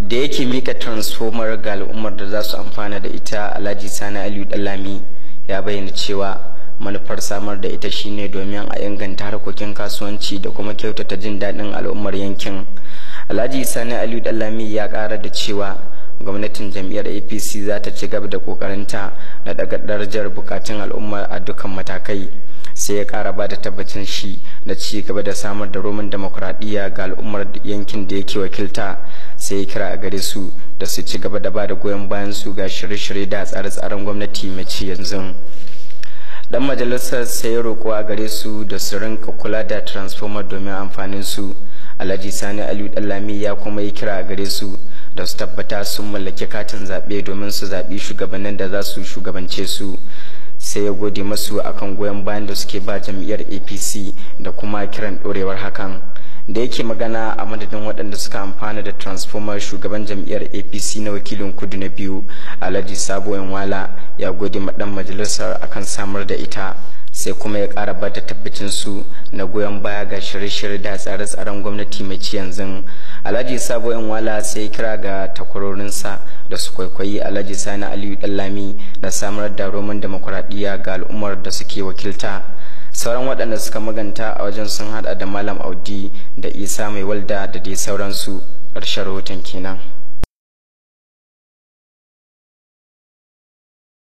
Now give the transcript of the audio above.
da yake mika transformer ga al'ummar da za su amfana da ita alhaji sani aliyu dalami ya bayyana cewa manufar samar da ita shine domin a inganta harkokin kasuwanci da kuma kyautata jin daɗin al'ummar yankin alhaji sani aliyu dalami ya ƙara da cewa gwamnatin jam'iyyar apc za ta ci gaba da ƙoƙarinta na daga darajar bukatun al'umma a dukkan matakai sai ya ƙara ba da tabbacin shi na ci gaba da samar da roman demokuraɗiyya ga al'ummar yankin da yake wakilta sai ya kira a gare su da su ci gaba da ba da goyon bayan su ga shirye-shirye da tsare-tsaren gwamnati mace yanzu dan majalisar sai ya roƙo a gare su da su rinka kula da transformer domin amfanin su alhaji sani aliyu dallami ya kuma yi kira a gare su da su tabbata sun mallaki katin zaɓe domin su zaɓi shugabannin da za su shugabance su sai ya gode masu akan goyon bayan da suke ba jam'iyyar apc da kuma kiran ɗorewar hakan da yake magana a madadin waɗanda suka amfana da transformer shugaban jam'iyyar apc na wakilin kudu na biyu alhaji sabo wala ya gode ma majalisar akan samar da ita sai kuma ya ƙara bata tabbacin su na goyon baya ga shirye-shirye da tsare-tsaren gwamnati mai ci yanzu alhaji sabo wala sai kira ga takwarorinsa da su kwaikwayi alhaji sani aliyu dallami na samar da roman demokuraɗiyya ga al'ummar da suke wakilta sauran waɗanda suka maganta a wajen sun hada da malam audi da isa mai walda da dai sauransu ƙarshen rahoton kenan